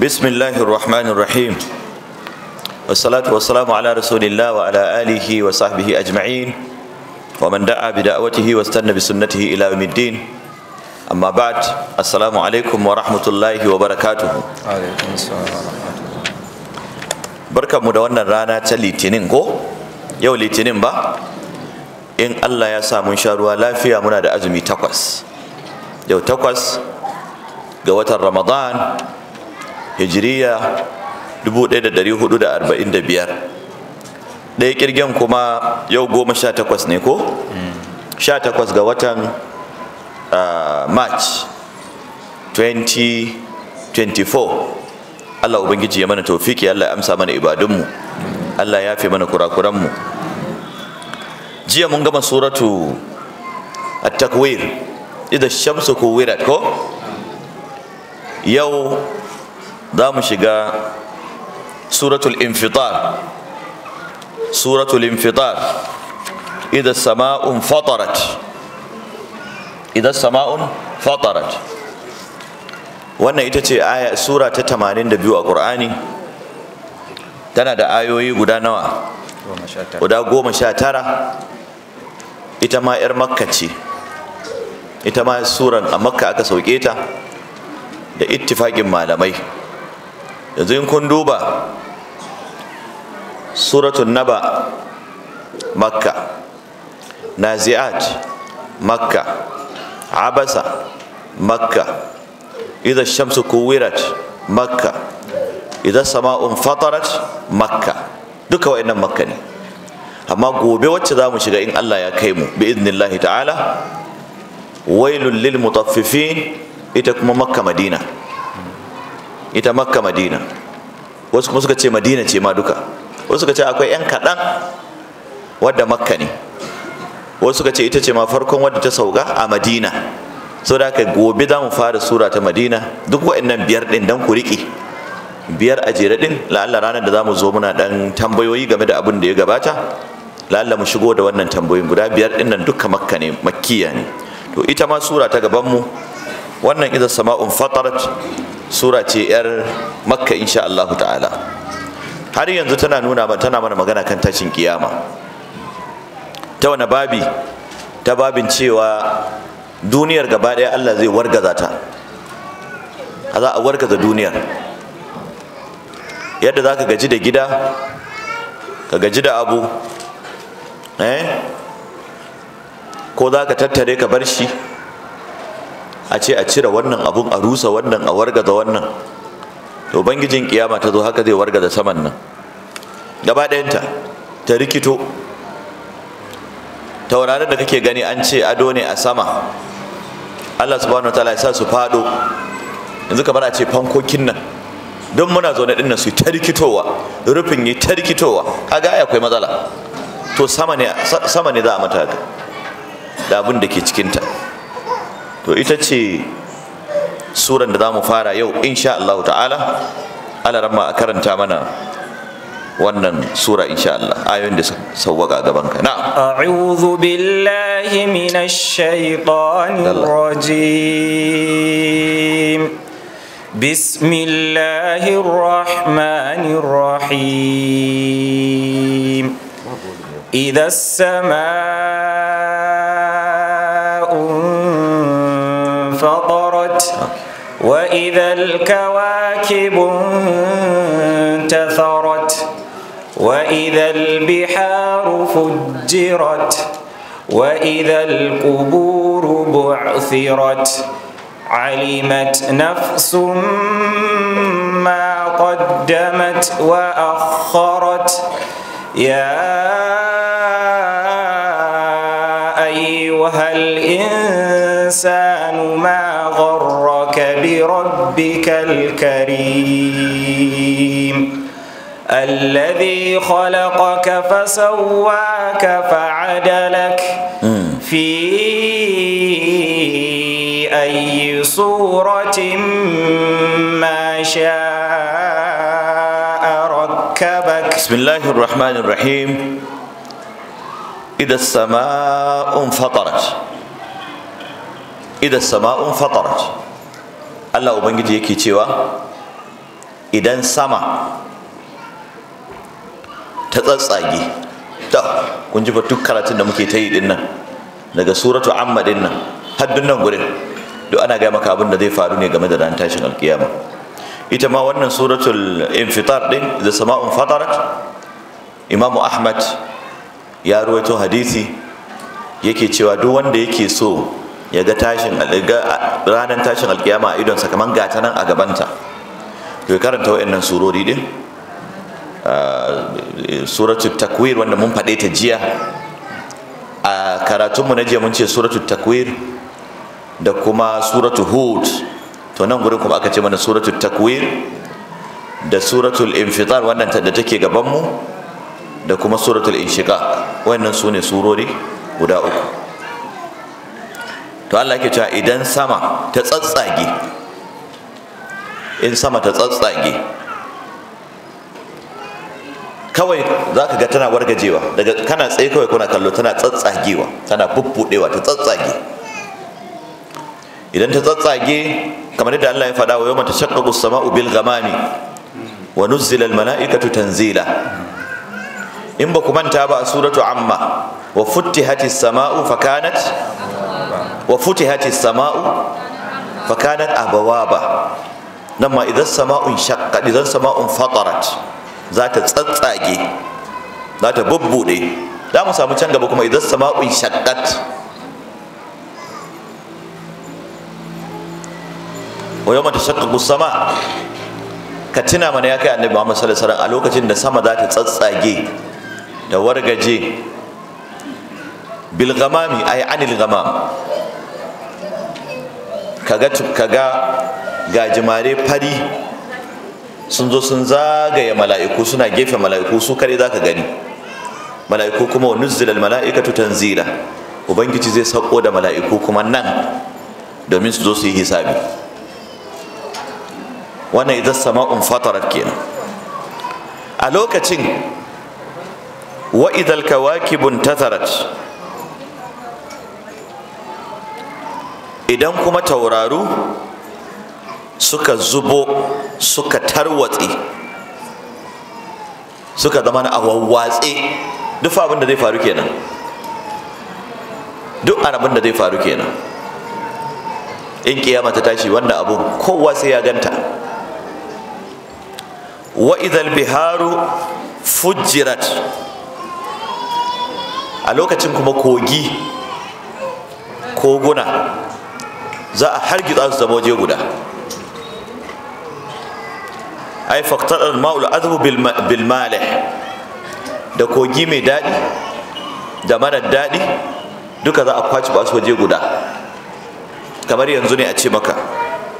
بسم الله الرحمن الرحيم والصلاة والسلام على رسول الله وعلى آله وصحبه أجمعين ومن دعا بدعوته واستنى بسنته إلى يوم الدين أما بعد السلام عليكم ورحمة الله وبركاته عليكم السلام ورحمة الله بركة مدونة رانا تليتنين كو يو لتنين با إن الله يسا من شاروا لا فيها منا دا أزمي تقوس يو تقوس ga watan Ramadan hijiriya 1445 ɗaya ƙirgen kuma yau goma sha takwas ne ko? sha takwas ga watan ah, march 2024 Allah Ubangiji ya mana taufiki Allah ya amsa mana ibadunmu Allah ya fi mana kurakuranmu jiya mun gama suratu at-takwir idan shamsu kuwirat ko yau za mu shiga suratul infitar suratul infitar idan sama'un fatarat idan sama'un fatarat wannan ita ce aya sura ta 82 a ƙur'ani tana da ayoyi guda nawa guda goma sha tara ita ma 'yar makka ce ita ma suran a makka aka sauke ta da ittifaƙin malamai yanzu in kun duba suratun naba makka nazi'at makka abasa makka idan shamsu kuwirat makka idan sama'un fatarat makka duka wa'annan makka ne amma gobe wacce za mu shiga in allah ya kai mu bi idnillahi ta'ala wailul lil mutaffifin ita kuma makka madina ita makka madina wasu kuma suka ce madina ce ma duka wasu suka ce akwai 'yan kaɗan wadda makka ne wasu suka ce ita ce ma farkon wadda ta sauka a madina so da aka gobe za mu fara sura ta madina duk waɗannan biyar ɗin don ku riƙe biyar a jere ɗin la'alla ranar da za mu zo muna ɗan tambayoyi game da abin da ya gabata la'alla mu shigo da wannan tambayoyin guda biyar ɗin nan duka makka ne makkiya ne to ita ma sura ta gabanmu wannan idan sama'un fatarat sura ce yar makka insha Allah ta'ala har yanzu tana nuna ba tana mana magana kan tashin kiyama ta wani babi ta babin cewa duniyar gaba ɗaya Allah zai wargaza ta A za a wargaza duniyar yadda za ka gaji da gida ka gaji da abu eh? ko za ka tattare ka bar shi a ce a cire wannan abun a rusa wannan a wargaza wannan to bangijin kiyama ta zo haka zai wargaza saman nan gaba ɗayanta ta rikito taurarin da kake gani an ce ado ne a sama Allah subhanahu wataala ya sa su fado yanzu kamar a ce fankokin nan don muna zaune ɗin nan su ta rikitowa rufin yi ta rikitowa kaga akwai matsala to sama ne sama ne za a mata da abin da ke cikinta to ita ce suran da za mu fara yau insha Allah ta'ala alarama a karanta mana wannan sura insha Allah ayoyin da sauwaka gaban ka na a'udhu billahi minash shaitanir rajim bismillahir rahmanir rahim idha as فطرت وإذا الكواكب انتثرت وإذا البحار فجرت وإذا القبور بعثرت علمت نفس ما قدمت وأخرت يا أيها الإنسان الإنسان ما غرك بربك الكريم الذي خلقك فسواك فعدلك في أي صورة ما شاء ركبك بسم الله الرحمن الرحيم إذا السماء انفطرت idan sama'un fatarat Allah ubangiji yake cewa idan sama ta tsatsage to kun ji karatun da muke ta yi dinnan, nan daga suratu amma din nan haddun nan gurin duk ana gaya maka da zai faru ne game da ran tashin alkiyama ita ma wannan suratul infitar din da sama'un fatarat imamu ahmad ya ruwaito hadisi yake cewa duk wanda yake so ya ga tashin ranar tashin alkiyama a idonsa kamar gata nan a gabanta to karanta wa'annan surori din suratul takwir wanda mun faɗe ta jiya a karatunmu na jiya mun ce suratul takwir da kuma suratul hud to nan gurin kuma aka ce mana suratu takwir da suratul infitar wannan da take gabanmu da kuma suratul inshiqaq wannan su ne surori guda uku to Allah yake cewa idan sama ta tsatsage in sama ta tsatsage kawai za ka ga tana wargajewa daga kana tsaye kawai kuna kallo tana tsatsagewa tana bubbudewa ta tsatsage idan ta tsatsage kamar yadda Allah ya faɗa wa yawma tashaqqaqu as-sama'u bil ne. wa nuzzila al-mala'ikatu tanzila in ba ku manta ba a suratu amma wa futihati sama'u fakanat wa futihati sama'u fakanat abawaba nan ma idan sama'un shakka idan sama'un fatarat za ta tsatsage za ta bubbude za mu samu can gaba kuma idan sama'un shakkat wa yawma tashaqqaqu sama ka tuna mana ya kai annabi Muhammad sallallahu alaihi wasallam a lokacin da sama za ta tsatsage da wargaje bilgamami a yi anil ghamam kaga ga gajimare fari sun zo sun zagaye mala'iku suna gefe mala'iku su kare zaka gani mala'iku kuma wa nuzzilal mala'ikatu tanzila ubangiji zai sauko da mala'iku kuma nan domin su zo su yi hisabi wannan idan sama'un fatarat kenan a lokacin wa idal kawakibun tatarat idan kuma tauraru suka zubo suka tarwatse suka zama na awawwatse duk abin da zai faru kenan duk abin da zai faru kenan in kiyama ta tashi wanda abu kowa sai ya ganta wa idhal biharu fujirat a lokacin kuma kogi koguna za a hargitsa su zama waje guda ai faqtada al-ma'ul adhbu bil da kogi mai daɗi da marar daɗi duka za a kwaci ba su waje guda kamar yanzu ne a ce maka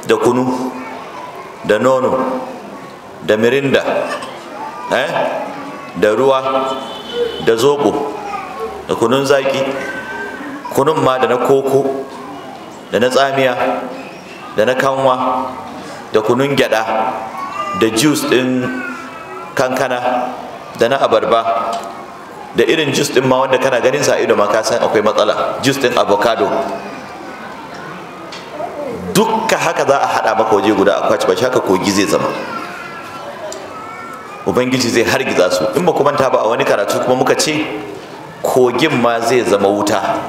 da kunu da nono da mirinda eh? da ruwa da zobo da kunun zaki kunun ma da na koko da na tsamiya da na kanwa da kunun gyada da juice din kankana da na abarba da irin juice din ma wanda kana ganin sa ido ma ka san akwai matsala juice din avocado dukka haka za a hada maka waje guda a kwaci ba haka kogi zai zama ubangiji zai hargiza su in ba ku manta ba a wani karatu kuma muka ce kogin ma zai zama wuta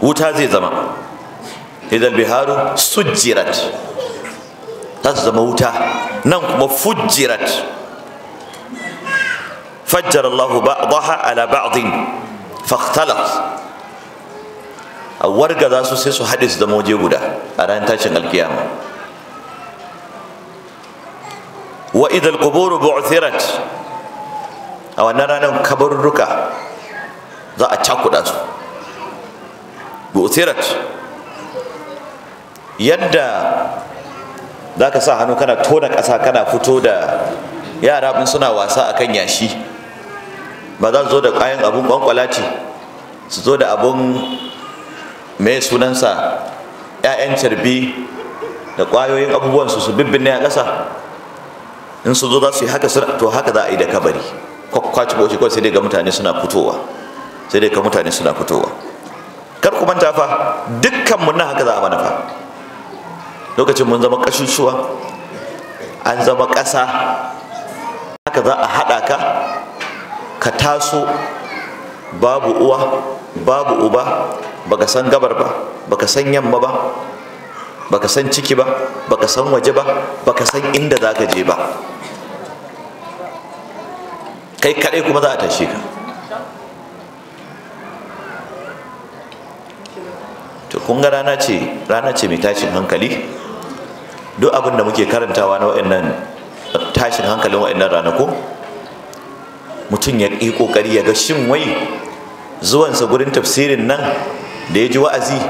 wuta zai zama idan biharu sujjirat za zama wuta nan kuma fujjirat fajjar allahu ba'daha ala ba'din fakhtalat a za su sai su haɗe su zama waje guda a ranar tashin alkiyama wa idal quburu bu'thirat a wannan ranar kabarurruka za a cakuɗa su bu'thirat yadda za ka sa hannu kana tona ƙasa kana fito da yara in suna wasa a kan yashi ba za su zo da kayan abun kwankwalati su zo da abun mai sunansa 'ya'yan carbi da ƙwayoyin abubuwansu su bibbinne a ƙasa in su zo za su yi haka suna to haka za a yi da kabari kwakwaci boci kawai sai dai ga mutane suna fitowa sai dai ga mutane suna fitowa kar ku manta fa dukkan mun na haka za a mana fa lokacin mun zama kashushuwa an zama ƙasa haka za a haɗa ka ka taso babu uwa babu uba baka san gabar ba baka san yamma ba baka san ciki ba baka san waje ba baka san inda za ka je ba kai kaɗai kuma za a tashe ka to kun ga rana ce rana ce mai tashin hankali duk abin da muke karantawa na wa'annan tashin hankalin wa'annan ranaku mutum ya yi kokari ya ga shin wai zuwansa gurin tafsirin nan da ya ji wa'azi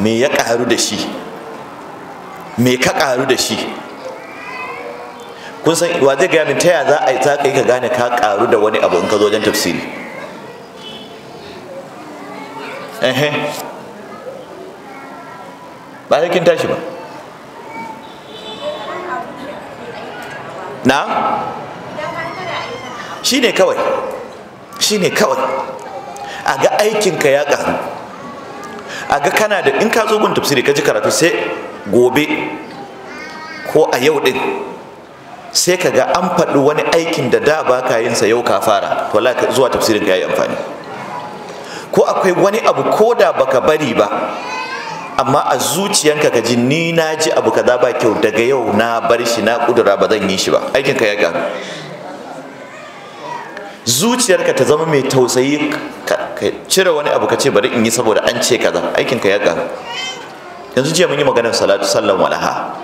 me ya karu da shi me ka karu da shi kun san wa zai gaya min ta za a yi za ka yi ka gane ka karu da wani abu in ka zo wajen tafsiri ba sai tashi ba na shi ne kawai shi ne kawai a ga aikinka ya ƙaru a ga kana da in ka zo gun tafsiri ka ji karatu sai gobe ko a yau ɗin sai ka ga an faɗi wani aikin da da ba ka yinsa yau ka fara to zuwa tafsirin ka yi amfani ko akwai wani abu ko da baka bari ba amma a zuciyanka ka ji ni na ji abu kaza ba kyau daga yau na bar shi na kudura ba zan yi shi ba aikinka ya ƙaru zuciyarka ta zama mai tausayi ka cire wani abu ka ce bari in yi saboda an ce kaza aikinka ya ƙaru yanzu jiya mun yi maganar salatu sallan walaha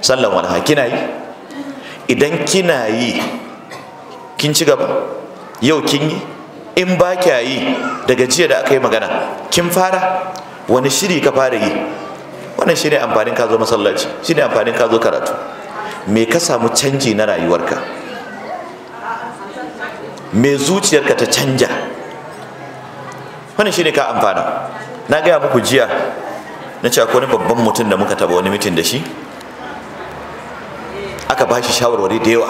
sallan walaha kina yi idan kina yi kin ci gaba yau kin yi in ba kya yi daga jiya da aka yi magana kin fara wani shiri ka fara yi wannan shine amfanin ka zo masallaci shine amfanin ka zo karatu me ka samu canji na rayuwarka me zuciyarka ta canja wannan shine ka amfana na gaya muku jiya na ce akwai babban mutum da muka taba wani mitin da shi aka ba shi shawarwari da yawa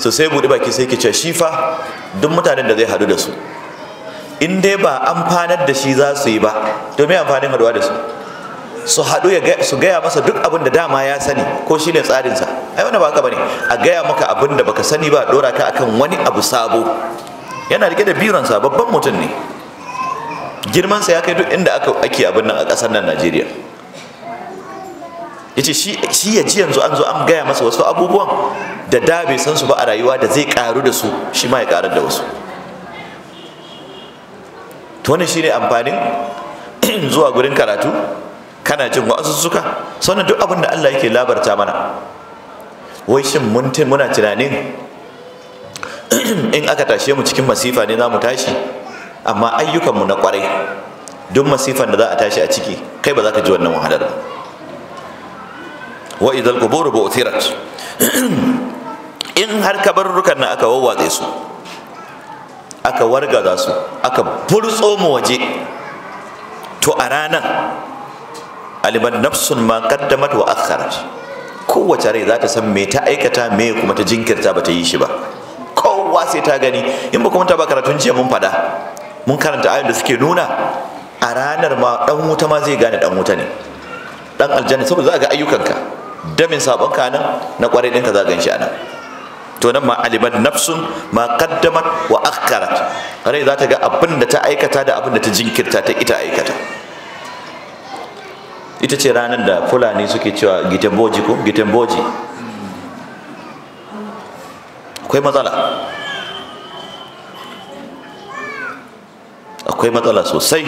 so sai buɗe baki sai ke ce shifa duk mutanen da zai hadu da su in dai ba amfanar da shi za su yi ba to me amfanin haduwa da su su haɗu su gaya masa duk abin da dama ya sani ko shine tsarinsa ai wannan ba haka bane a gaya maka abin da baka sani ba dora ka akan wani abu sabo yana rike da biransa babban mutum ne girmansa ya kai duk inda aka ake abin nan a ƙasar nan Najeriya yace shi shi ya ji yanzu an zo an gaya masa wasu abubuwan da da bai san su ba a rayuwa da zai karu da su shi ma ya karar da wasu to ne shine amfanin zuwa gurin karatu kana jin wa'azu suka sannan duk abin da Allah yake labarta mana wai shin mun muna tunanin in aka tashe mu cikin masifa ne za mu tashi amma ayyukan mu na kwarai duk masifan da za a tashi a ciki kai ba za ka ji wannan wahalar ba wa idal quburu bu'thirat in har kabarrukan na aka wawwatse su aka za su aka burtso mu waje to a ranar aliman nafsun ma qaddamat wa akharat kowace rai za ta san me ta aikata me kuma ta jinkirta ba ta yi shi ba kowa sai ta gani in ba kuma ta ba karatun jiya mun fada mun karanta ayoyin da suke nuna a ranar ma dan wuta ma zai gane dan wuta ne dan aljanna saboda za ga ayyukanka damin sabon nan na kwarai ɗinka za gan shi a nan to nan ma alimat nafsun ma qaddamat wa akharat rai za ta ga abin da ta aikata da abin da ta jinkirta ta ita aikata ita ce ranar da fulani suke cewa gitamboji ko gitamboji akwai matsala akwai matsala sosai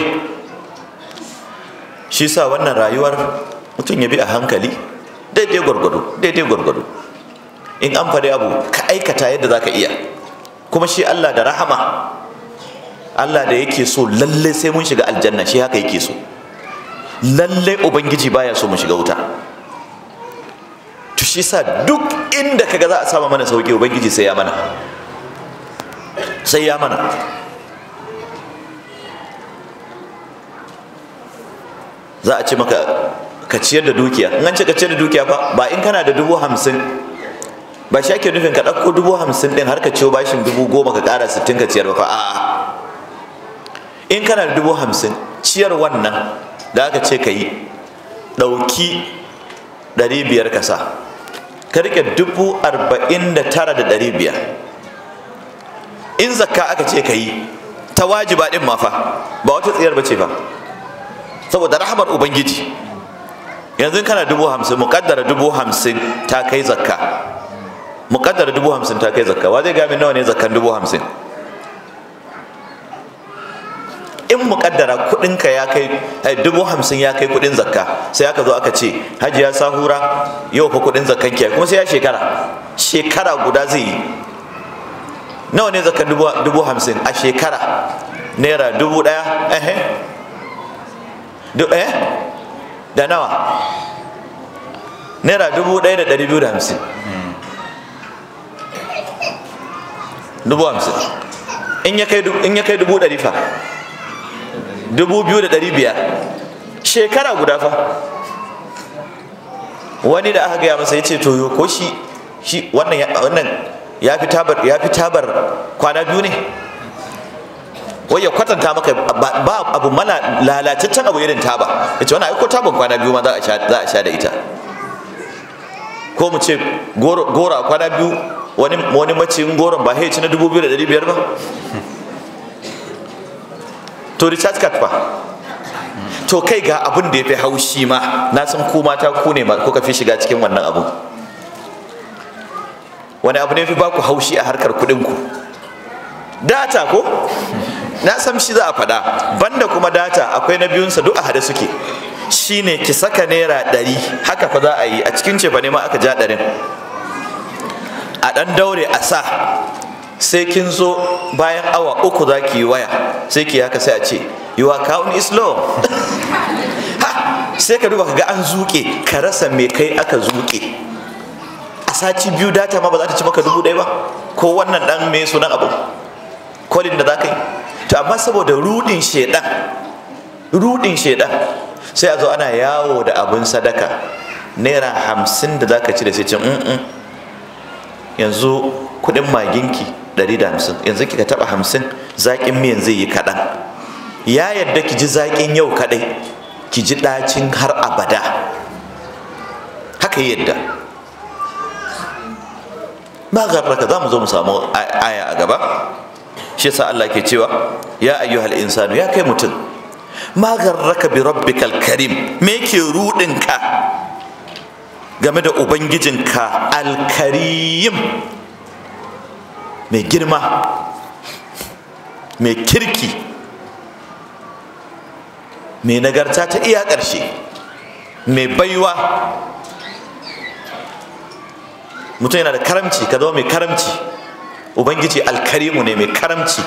shi sa wannan rayuwar mutum ya bi a hankali daidai gwargwado daidai gwargwado in an faɗi abu ka aikata yadda za ka iya kuma shi Allah da rahama Allah da yake so lalle sai mun shiga aljanna shi haka yake so lalle ubangiji baya so mu shiga wuta to shi sa duk inda kaga za a sama mana sauki ubangiji sai ya mana sai ya mana za a ce maka ka ciyar da dukiya in an ce ka ciyar da dukiya fa ba in kana da dubu hamsin ba shi ake nufin ka ɗauko dubu hamsin ɗin har ka ciwo bashin dubu goma ka ƙara sittin ka ciyar ba fa a'a in kana da dubu hamsin ciyar wannan da aka ce ka yi ɗauki ɗari biyar ka sa ka riƙe dubu arba'in da tara da ɗari biyar in zakka aka ce ka yi ta wajiba ɗin ma fa ba wata tsayar ba ce fa saboda rahamar ubangiji yanzu kana dubu hamsin muƙaddara dubu hamsin ta kai zakka muƙaddara dubu hamsin ta kai zakka wa zai gami nawa ne zakkan dubu hamsin in muƙaddara kuɗinka ya kai eh, dubu hamsin ya kai kuɗin zakka sai aka zo aka ce hajji ya sahura yau fa kuɗin zakkan kiyaye? kuma sai ya shekara shekara guda zai yi nawa ne zakkan dubu hamsin a shekara naira dubu ɗaya eh eh. eh da nawa naira dubu ɗaya da ɗari biyu da hamsin dubu hamsin in ya kai dubu ɗari fa dubu biyu da ɗari biyar shekara guda fa wani da aka gaya masa ya ce toyo ko shi shi wannan ya fi tabar ya fi tabar kwana biyu ne wai ya kwatanta maka ba abu mana lalataccen abu irin taba ya ce wani aiko tabar kwana biyu ma za a sha da ita ko mu ce goro a kwana biyu wani wani maciyin goron ba ya ci na dubu biyu da dari biyar ba to recharge card fa to kai ga abin da ya fi haushi ma na san ku mata ku ne ma ka fi shiga cikin wannan abu wani abu ne fi ba ku haushi a harkar kuɗin ku data ko na san shi za a faɗa banda kuma data akwai na biyunsa duk a hada suke ne ki saka naira ɗari haka fa za a yi a cikin cefane ne ma aka ja ɗarin a ɗan daure a sa sai kin zo bayan awa uku za ki yi waya sai ki haka sai a ce you are count islo? Ha sai ka duba ka ga an zuke ka rasa me kai aka zuke a sati biyu data ma ba za ta ci maka dubu ɗaya ba ko wannan ɗan mai sunan abu kolin da za ka yi to amma saboda rudin shaidan, rudin shaidan sai a zo ana yawo da abin sadaka naira hamsin da za ka ci da sai cin yanzu kudin maginki ɗari da hamsin yanzu kika taɓa hamsin zaƙin miyan zai yi kaɗan ya yadda ki ji zaƙin yau kaɗai ki ji ɗacin har abada haka yadda ba garraka za mu zo mu samu aya a gaba shi yasa Allah ke cewa ya ayyuhal insanu ya kai mutum ma garraka bi rabbikal karim me ke rudin ka game da ubangijinka alkariyim mai girma mai kirki mai nagarta ta iya ƙarshe mai baiwa mutum yana da karamci ka zama mai karamci ubangiji alkarimu ne mai karamci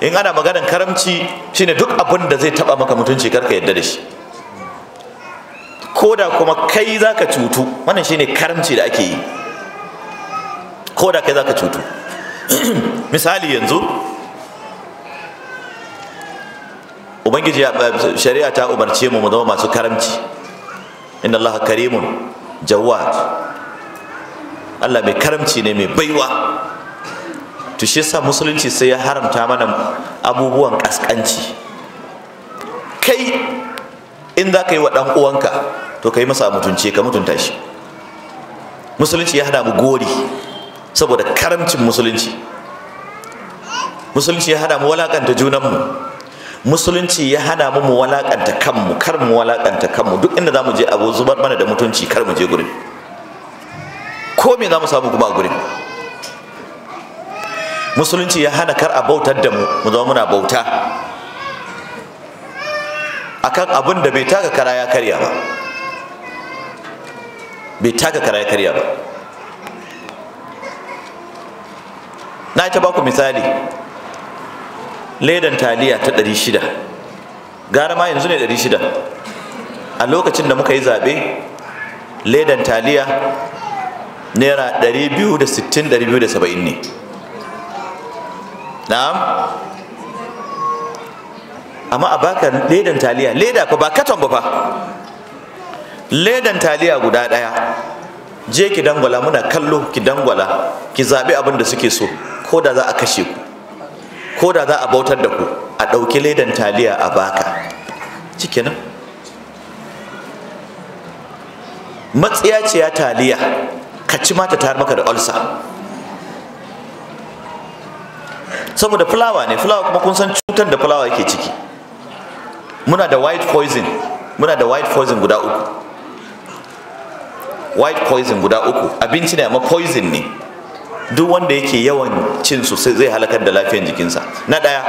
in ana maganar karamci shine duk abin da zai taba maka mutunci karka yadda da shi koda kuma kai zaka cutu wannan shine karamci da ake yi koda kai zaka cutu misali yanzu ubangiji shari'a ta umarce mu mu zama masu karamci inna allaha karimun Jawwa. allah mai karamci ne mai baiwa to shi yasa musulunci sai ya haramta mana abubuwan kaskanci kai in za ka yi wa ɗan uwanka to kai masa mutunci ka mutunta shi musulunci ya hada mu gori saboda karamcin musulunci musulunci ya hada mu walakanta junanmu musulunci ya hana mu mu walakanta kanmu kar mu walakanta kanmu duk inda zamu je abu zubar mana da mutunci kar mu je gurin ko me zamu samu kuma a gurin musulunci ya hana kar a bautar da mu mu zama muna bauta akan abin da bai taka kara ya karya ba bai taka kara karya ba na ta baku misali ledan taliya ta 600 gara ma yanzu ne 600 a lokacin da muka yi zaɓe ledan taliya naira 260-270 ne na'am amma a baka ledan taliya leda ko ba katon ba fa ledan taliya guda ɗaya je ki dangwala muna kallo ki dangwala ki zaɓi abin da suke so ko da za a kashe ku ko da za a bautar da ku a ɗauki ledan taliya a baka cikinan matsiyaciya taliya ka ci mata tare maka da olsa saboda fulawa ne fulawa kuma kun san cutar da fulawa yake ciki muna da white poison muna da white poison guda uku white poison guda uku abinci ne amma poison ne duk wanda yake yawan cin su sai zai halakar da lafiyar jikinsa na ɗaya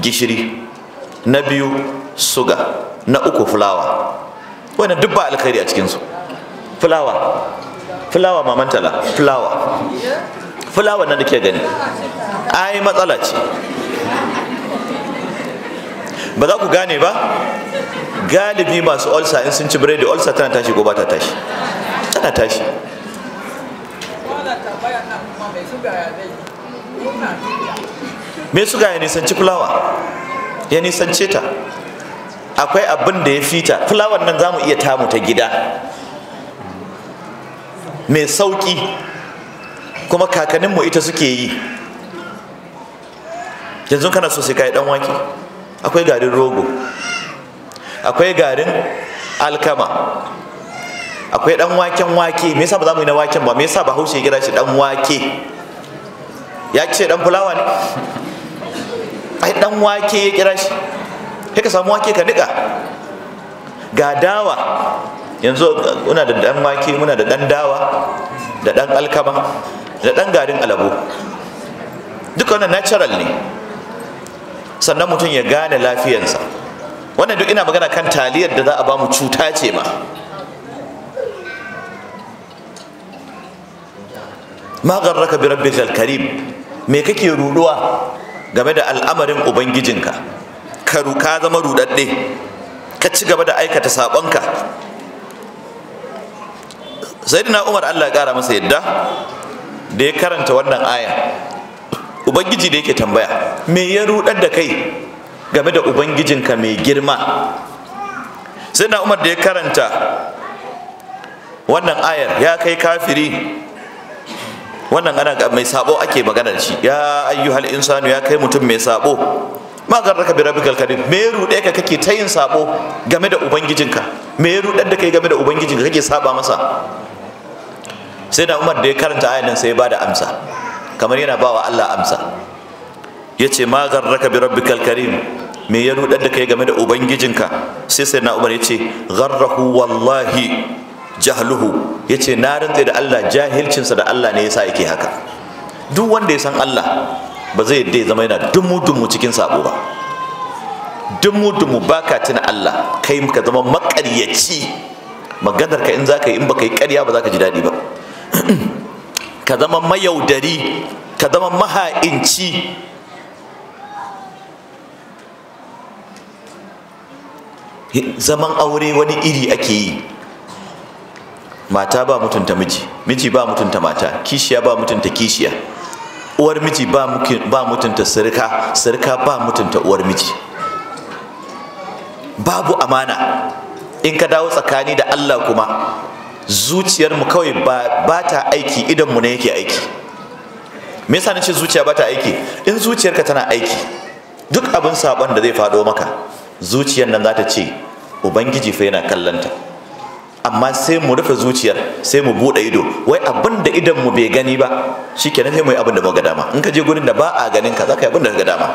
gishiri na biyu suga na uku fulawa wannan duk ba alkhairi a cikinsu fulawa fulawa mamantala fulawa fulawa na da ke gani ai matsala ce ba za ku gane ba galibi masu ulcer in sun ci biredi ulcer tana tashi ko ba ta tashi tana tashi me suga ya nisanci fulawa ya nisance ta akwai abin da ya fita fulawar nan za mu iya tamu ta gida mai sauƙi kuma kakanninmu ita suke yi yanzu kana so sai ka yi ɗan wake akwai garin rogo akwai garin alkama akwai dan waken wake me yasa ba za mu yi na waken ba me yasa bahaushe ya kira shi dan wake ya ce dan fulawa ne ai dan wake ya kira shi sai ka samu wake ka nika ga dawa yanzu muna da dan wake muna da dan dawa da dan alkama da dan garin alabo duka wannan natural ne sannan mutum ya gane lafiyansa wannan duk ina magana kan taliyar da za a ba mu cuta ce ma ma raka bi rabbi karim me kake ruduwa game da al'amarin ubangijinka ka ruka zama rudadde ka ci gaba da aikata sabonka sayyidina umar Allah ya kara masa yadda da ya karanta wannan aya ubangiji da yake tambaya me ya rudar da kai game da ubangijinka mai girma sai na umar da ya karanta wannan ayar ya kai kafiri wannan ana mai sabo ake maganar shi ya ayyuhal insanu ya kai mutum mai sabo ma raka bi rabbikal karim me ya rudar ka kake ta yin sabo game da ubangijinka me ya rudar da kai game da ubangijinka kake saba masa sai na Umar da ya karanta ayar nan sai ya bada amsa kamar yana bawa Allah amsa yace ma garraka bi rabbikal karim me ya nudar da kai game da ubangijinka sai sai na umar yace gharrahu wallahi jahluhu yace na rantse da Allah jahilcinsa da Allah ne ya yasa yake haka duk wanda ya san Allah ba zai yadda ya zama yana dumu dumu cikin sabo ba dumu dumu baka tuna Allah kai ka zama makaryaci maganar ka in zaka yi in baka yi karya ba zaka ji daɗi ba ka zama mayaudari ka zama maha'inci zaman aure wani iri ake yi mata ba mutunta miji miji ba mutunta mata kishiya ba mutunta kishiya uwar miji ba mutunta sirka sirka ba mutunta uwar miji babu amana in ka dawo tsakani da Allah kuma zuciyarmu kawai ba ta aiki idanmu ne yake aiki me yasa nace zuciya ba ta aiki in zuciyarka tana aiki duk abin sabon da zai faɗo maka zuciyar nan za ta ce ubangiji fa yana kallanta amma sai mu rufe zuciyar sai mu buɗe ido wai abin da idan mu bai gani ba shikenan sai mu yi abin da muka dama in ka je gurin da ba a ganin ka za yi abin da ka dama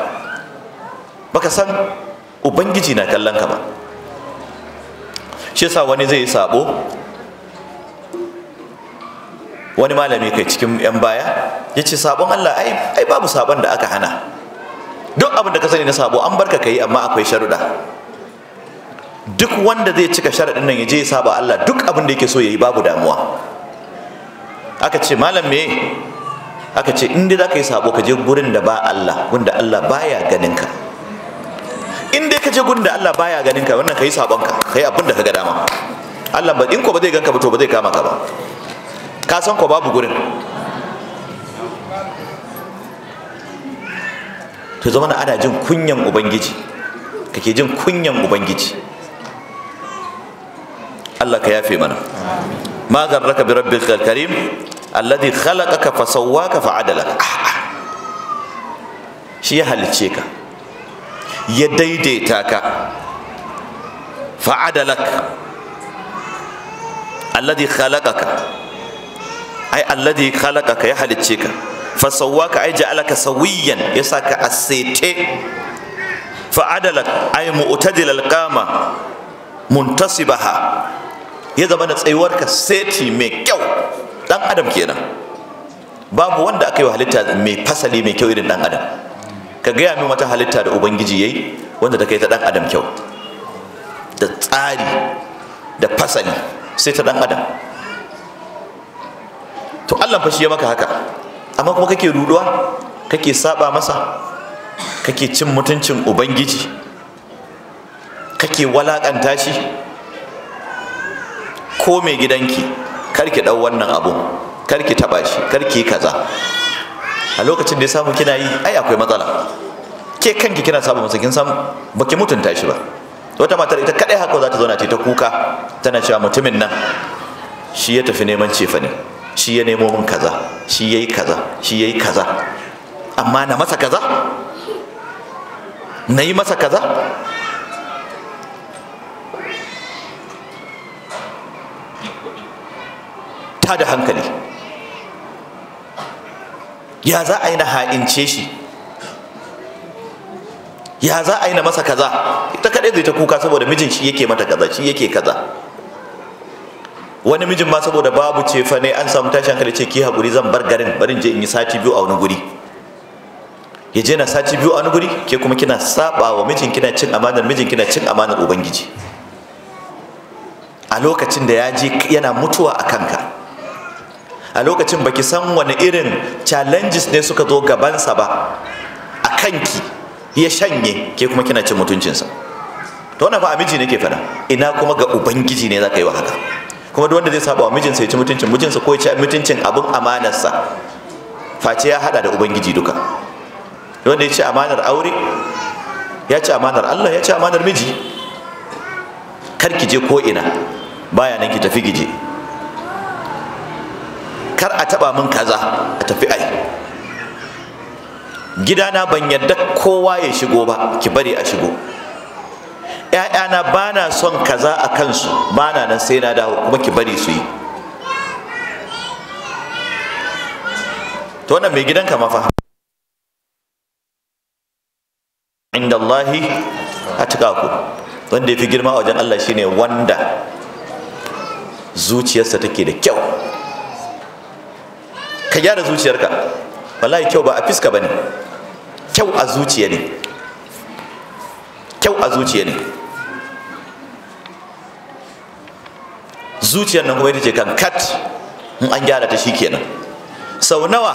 baka san ubangiji na kallon ka ba shi yasa wani zai yi sabo wani malami kai cikin yan baya ya ce sabon Allah ai babu sabon da aka hana duk abin da ka sani na sabo an barka ka yi amma akwai sharuɗa duk wanda zai cika sharaɗin nan ya je ya saba Allah duk abin da yake so ya yi babu damuwa aka ce malam me aka ce in dai za ka yi sabo ka je gurin da ba Allah gunda Allah baya ganin ka in dai ka je gurin da Allah baya ganin ka wannan ka yi sabon ka ka yi abin da ka ga dama Allah ba in ko ba zai ganka ba to ba zai kama ka ba ka san ko babu gurin to zama na ana jin kunyan ubangiji kake jin kunyan ubangiji Allah ka yafe mana ma garraka bi rabbil karim alladhi khalaqaka fa sawwaka fa adalaka shi ya halice ka ya daidaita ka fa adalaka alladhi khalaqaka ai alladhi khalaqaka ya halicce ka fa sawwaka ai ja'alaka sawiyan ya saka asete fa adalak ai mu'tadil alqama muntasibaha ya zama da ka seti mai kyau dan adam kenan babu wanda aka yi wa halitta mai fasali mai kyau irin dan adam ka gaya min wata halitta da ubangiji yayi wanda ta kai ta dan adam kyau da tsari da fasali sai ta dan adam to Allah fa shi ya maka haka amma kuma kake ruduwa kake saba masa kake cin mutuncin ubangiji kake walakanta shi ko mai gidanki ki dau wannan abu karki taba shi karki kaza a lokacin da ya samu kina yi ai akwai matsala ke kanki kina saba masa kin samu baki mutunta shi ba wata matar ita kadai haka za ta zauna ta kuka tana cewa mutumin nan shi ya tafi neman cefa shi ya nemo min kaza shi yayi kaza shi yayi kaza amma na masa kaza na yi masa kaza ta da hankali ya za a yi na ha'ince shi ya za a yi na masa kaza ita kaɗai zai ta kuka saboda mijin shi yake mata kaza shi yake kaza wani mijin ma saboda babu cefa ne an samu tashin hankali ce ki hakuri, zan bar garin barin je in yi sati biyu a wani guri ya je na sati biyu a wani guri ke kuma kina saba wa mijin kina cin amanar mijin kina cin amanar ubangiji a lokacin da ya je yana mutuwa a kanka a lokacin baki san wani irin challenges ne suka zo gabansa ba a kanki ya shanye ke kuma kina cin mutuncinsa to wannan fa a miji ne ke faɗa ina kuma ga ubangiji ne za ka yi wa haka kuma duk wanda zai saba wa mijinsa ya ci mutuncin mijinsa ko ya ci mutuncin abin amanarsa face ya hada da ubangiji duka wanda ya ci amanar aure ya ci amanar Allah ya ci amanar miji kar ki je ko ina baya nan ki tafi gije kar a taba min kaza a tafi ai gidana ban yadda kowa ya shigo ba ki bari a shigo ‘ya'yana ba na son kaza a kansu ba na nan sai na dawo kuma ki bari su yi to wannan mai gidanka mafa inda Allahi a ku wanda ya fi girma wajen Allah shine wanda zuciyarsa take da kyau ka gyara zuciyarka wallahi kyau ba a fiska ba ne kyau a zuciya ne kyau a zuciya ne zuciyar nan kuma ita ce kan kat in an gyara ta shi kenan sau nawa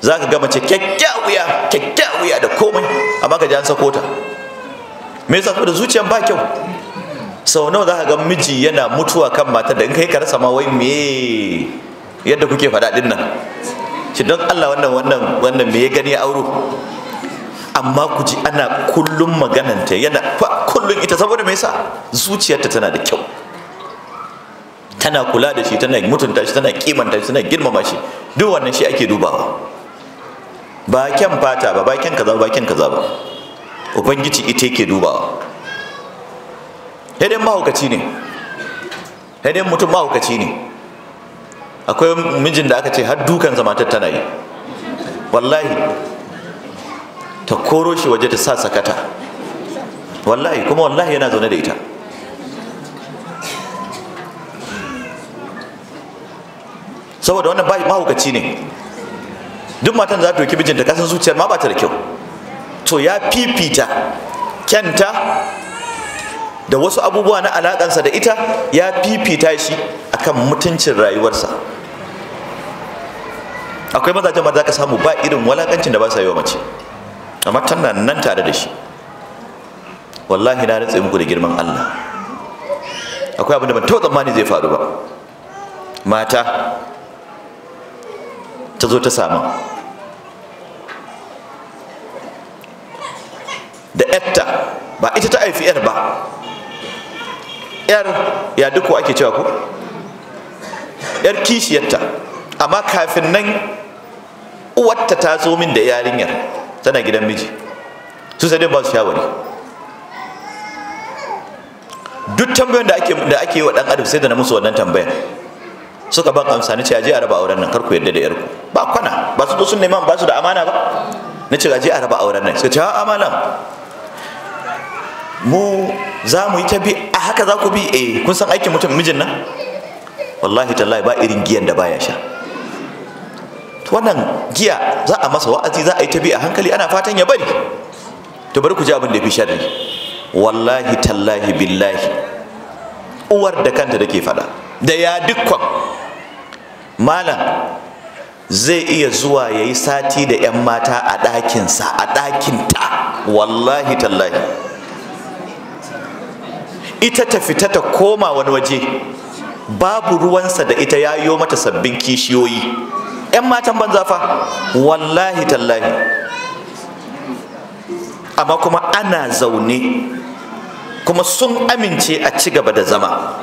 za ka gama ce kyakkyawuya-kyakkyawuya da komai amma ka ji an sako ta me yasa saboda zuciyar ba kyau sau nawa za ka ga miji yana mutuwa kan matar da in kai ka rasa ma wai me yadda kuke faɗa din nan shi don allah wannan wannan wannan me ya gani auro amma ku ji ana kullum magananta yana kullum ita saboda me yasa zuciyarta tana da kyau tana kula da shi tana mutunta shi tana kimanta shi tana girmama shi duk wannan shi ake dubawa ba kyan fata ba bakin kaza ba bakin kaza ba ubangiji ita yake dubawa dai mahaukaci ne dai mutum mahaukaci ne akwai mijin da aka ce har dukan zamatar tana yi wallahi ta koro shi waje ta sa sakata wallahi kuma wallahi yana zaune da ita saboda wannan mahaukaci ne duk matan za ta doki mijinta kasan zuciyar ma ba ta da kyau to ya fifita kyanta da wasu abubuwa na alakansa da ita ya fifita shi akan mutuncin rayuwarsa akwai mazajen ma za ka samu ba irin walakancin da ba sa yi wa mace amma tana nan tare da shi wallahi na rantsa muku da girman Allah akwai abin da ban taɓa tsammani zai faru ba mata ta zo ta samu da yatta ba ita ta haifi yar ba yar ya duk ake cewa ko yar kishiyarta amma kafin nan uwarta ta zo min da yarinyar tana gidan miji su sai dai ba su shawari duk tambayoyin da ake da ake yi wa dan adam sai da na musu wannan tambaya suka ban amsa ni ce aje a raba auren nan kar ku yadda da yarku ba kwana ba su sun neman ba su da amana ba na ce aje a raba auren nan suka ce ha amana mu za mu yi ta bi a haka za ku bi eh kun san aikin mutum mijin nan wallahi tallahi ba irin giyan da baya sha wannan giya za a masa wa'azi za a yi tabi a hankali ana fatan ya bari to bari ku ji abin da fi sharri wallahi tallahi billahi uwar da kanta da ke faɗa da ya dukkan malam zai iya zuwa yayi sati da 'yan mata a ɗakinsa a ɗakinta wallahi tallahi ita ta fita ta koma wani waje babu ruwansa da ita yayo mata sabbin kishiyoyi 'yan matan banza fa wallahi tallahi amma kuma ana zaune kuma sun amince a ci gaba da zama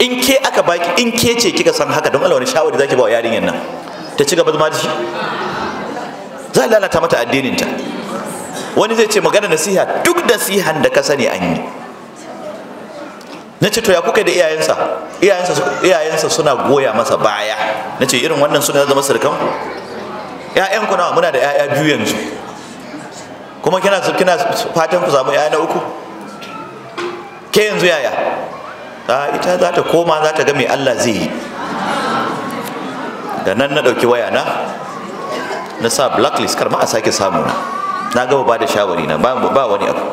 in ke aka baki in ke ce kika san haka don Allah wani shawari zaki ba yarinyar nan ta ci gaba da shi za a lalata mata addininta. wani zai ce magana nasiha duk nasihan da ka sani an yi na ce to ya kuka da iyayensa iyayensa iyayensa suna goya masa baya na ce irin wannan suna zama sirkan ƴaƴanku nawa muna da ƴaƴa biyu yanzu kuma kina kina fatan ku samu ƴaƴa na uku ke yanzu yaya ta ita za ta koma za ta ga mai Allah zai yi da nan na ɗauki waya na na sa blacklist kar ma a sake samu na gaba ba da shawari na ba wani abu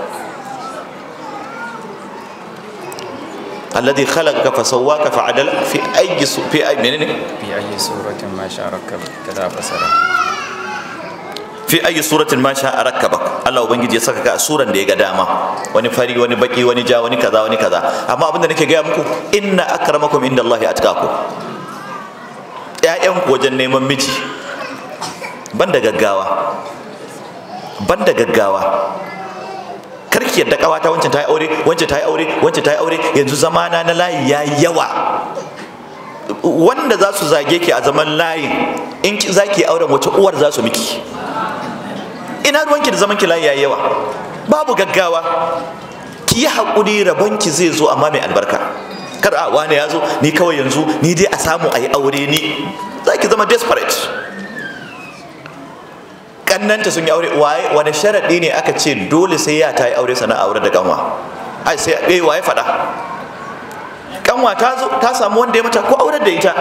alladhi khalaqa fa sawwaka fa adala fi ayyi fi ayyi menene fi ayyi suratin ma sha rakkaba kaza fasara fi ayyi suratin ma sha rakkaba Allah ubangiji ya saka ka a suran da ya ga dama wani fari wani baki wani ja wani kaza wani kaza amma abinda nake gaya muku inna akramakum indallahi atqakum ƴaƴanku wajen neman miji banda gaggawa banda gaggawa ki yadda kawata wancan ta yi aure wancan ta yi aure wancan ta yi aure yanzu zamana na layi ya yawa wanda za su zage ki a zaman layi, in za ki auren wace uwar za su miki ina ruwanki da zaman ki layi ya yawa babu gaggawa ki yi haƙuri ki zai zo amma mai albarka kar a wani ya zo ni kawai yanzu ni dai a samu a yi aure ni za ki zama desperate kannanta sun yi aure waye wani sharaɗi ne aka ce dole sai ya ta yi aure sana aure da kanwa ai sai eh, waye faɗa kanwa ta zo ta samu wanda ya mata ko aure da ita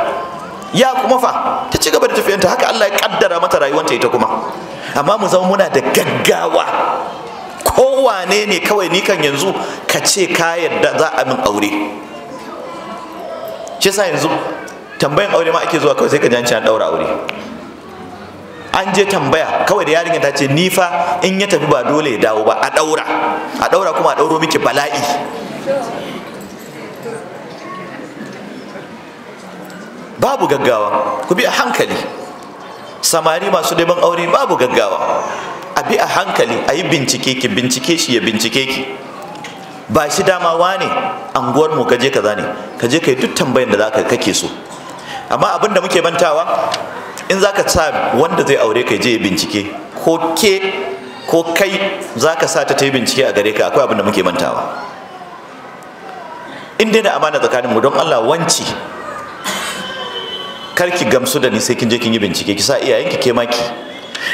ya kuma fa ta ci gaba da tafiyanta haka Allah ya kaddara mata rayuwanta ita kuma amma mu zama muna da gaggawa kowane ne kawai ni kan yanzu ka ce ka yadda za a min aure shi sa yanzu tambayan aure ma ake zuwa kawai sai ka ji an daura aure an je tambaya kawai da yarinya ta ce ni fa in ya tafi ba dole ya dawo ba a daura a daura kuma a dauro miki bala'i babu gaggawa ku bi a hankali samari masu neman aure babu gaggawa a bi a hankali a yi bincike ki bincike shi ya bincike ki ba shi dama wane anguwar mu kaje kaza ne kaje kai duk tambayin da ka kake so amma abin da muke mantawa in zaka sa wanda zai aure ka je bincike ko ke ko kai zaka sa ta ta yi bincike a gare ka akwai abin da muke mantawa in dai amana tsakanin mu don Allah wanci karki gamsu da ni sai kin je kin yi bincike ki sa iyayenki ke maki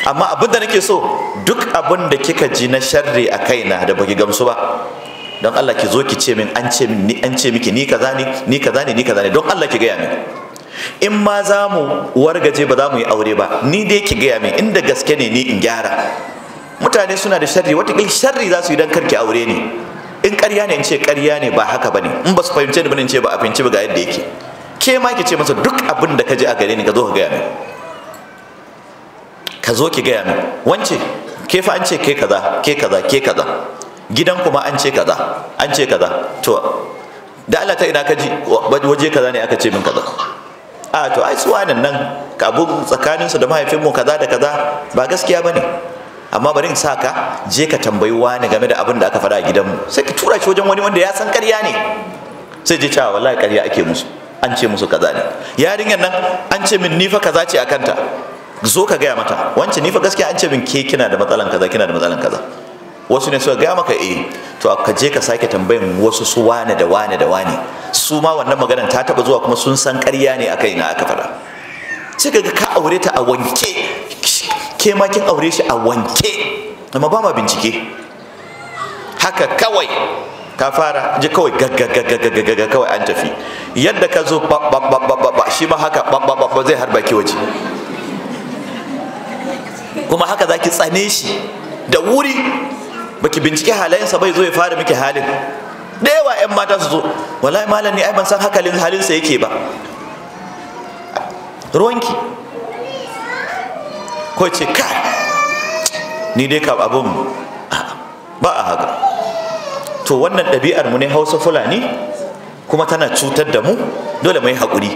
amma abin da nake so duk abin da kika ji na sharri a kai na da baki gamsu ba don Allah ki zo ki ce min an ce min ni an ce miki ni kaza ne ni kaza ne ni kaza ne don Allah ki gaya min in ma za mu wargaje ba za mu yi aure ba ni dai ki gaya min inda gaske ne ni in gyara mutane suna da sharri watakil sharri za su yi don karki aure ne in karya ne in ce karya ne ba haka ba ne in ba su fahimce ni ba in ce ba a fahimci ba ga yadda yake ke ma ki ce masa duk abin da ka je a gare ni ka zo ka gaya min ka zo ki gaya min wance ke fa an ce ke kaza ke kaza ke kaza gidan kuma an ce kaza an ce kaza to da Allah ta ina ka ji waje kaza ne aka ce min kaza a to ai su wanan nan abun tsakaninsu da mahaifinmu kaza da kaza ba gaskiya bane amma bari in sa ka je ka tambayi wani game da abin da aka faɗa a gidanmu sai ka tura shi wajen wani wanda ya san ƙarya ne sai je cewa wallahi ƙarya ake musu an ce musu kaza ne yarinyar nan an ce min ni fa kaza ce a kanta zo ka gaya mata wancan ni fa gaskiya an ce min ke kina da matsalan kaza kina da matsalan kaza wasu ne suka gaya maka eh to ka je ka sake tambayin wasu su wane da wane da wane su ma wannan maganar ta taba zuwa kuma sun san ƙarya ne akai na aka faɗa sai ka ga ka aure ta a wanke ke ma kin aure shi a wanke amma ba ma bincike haka kawai ka fara je kawai gaggagagagaga kawai an tafi yadda ka zo shi ma haka ba zai harba ki waje kuma haka zaki tsane shi da wuri baki bincike halayensa bai zo ya fara miki halin da yawa 'yan mata su zo wallahi malam ne ai ban san hakalin halinsa yake ba ruwanki ko ce ka ni dai ka abun ba a haka to wannan ɗabi'ar mu ne hausa fulani kuma tana cutar da mu dole mai yi haƙuri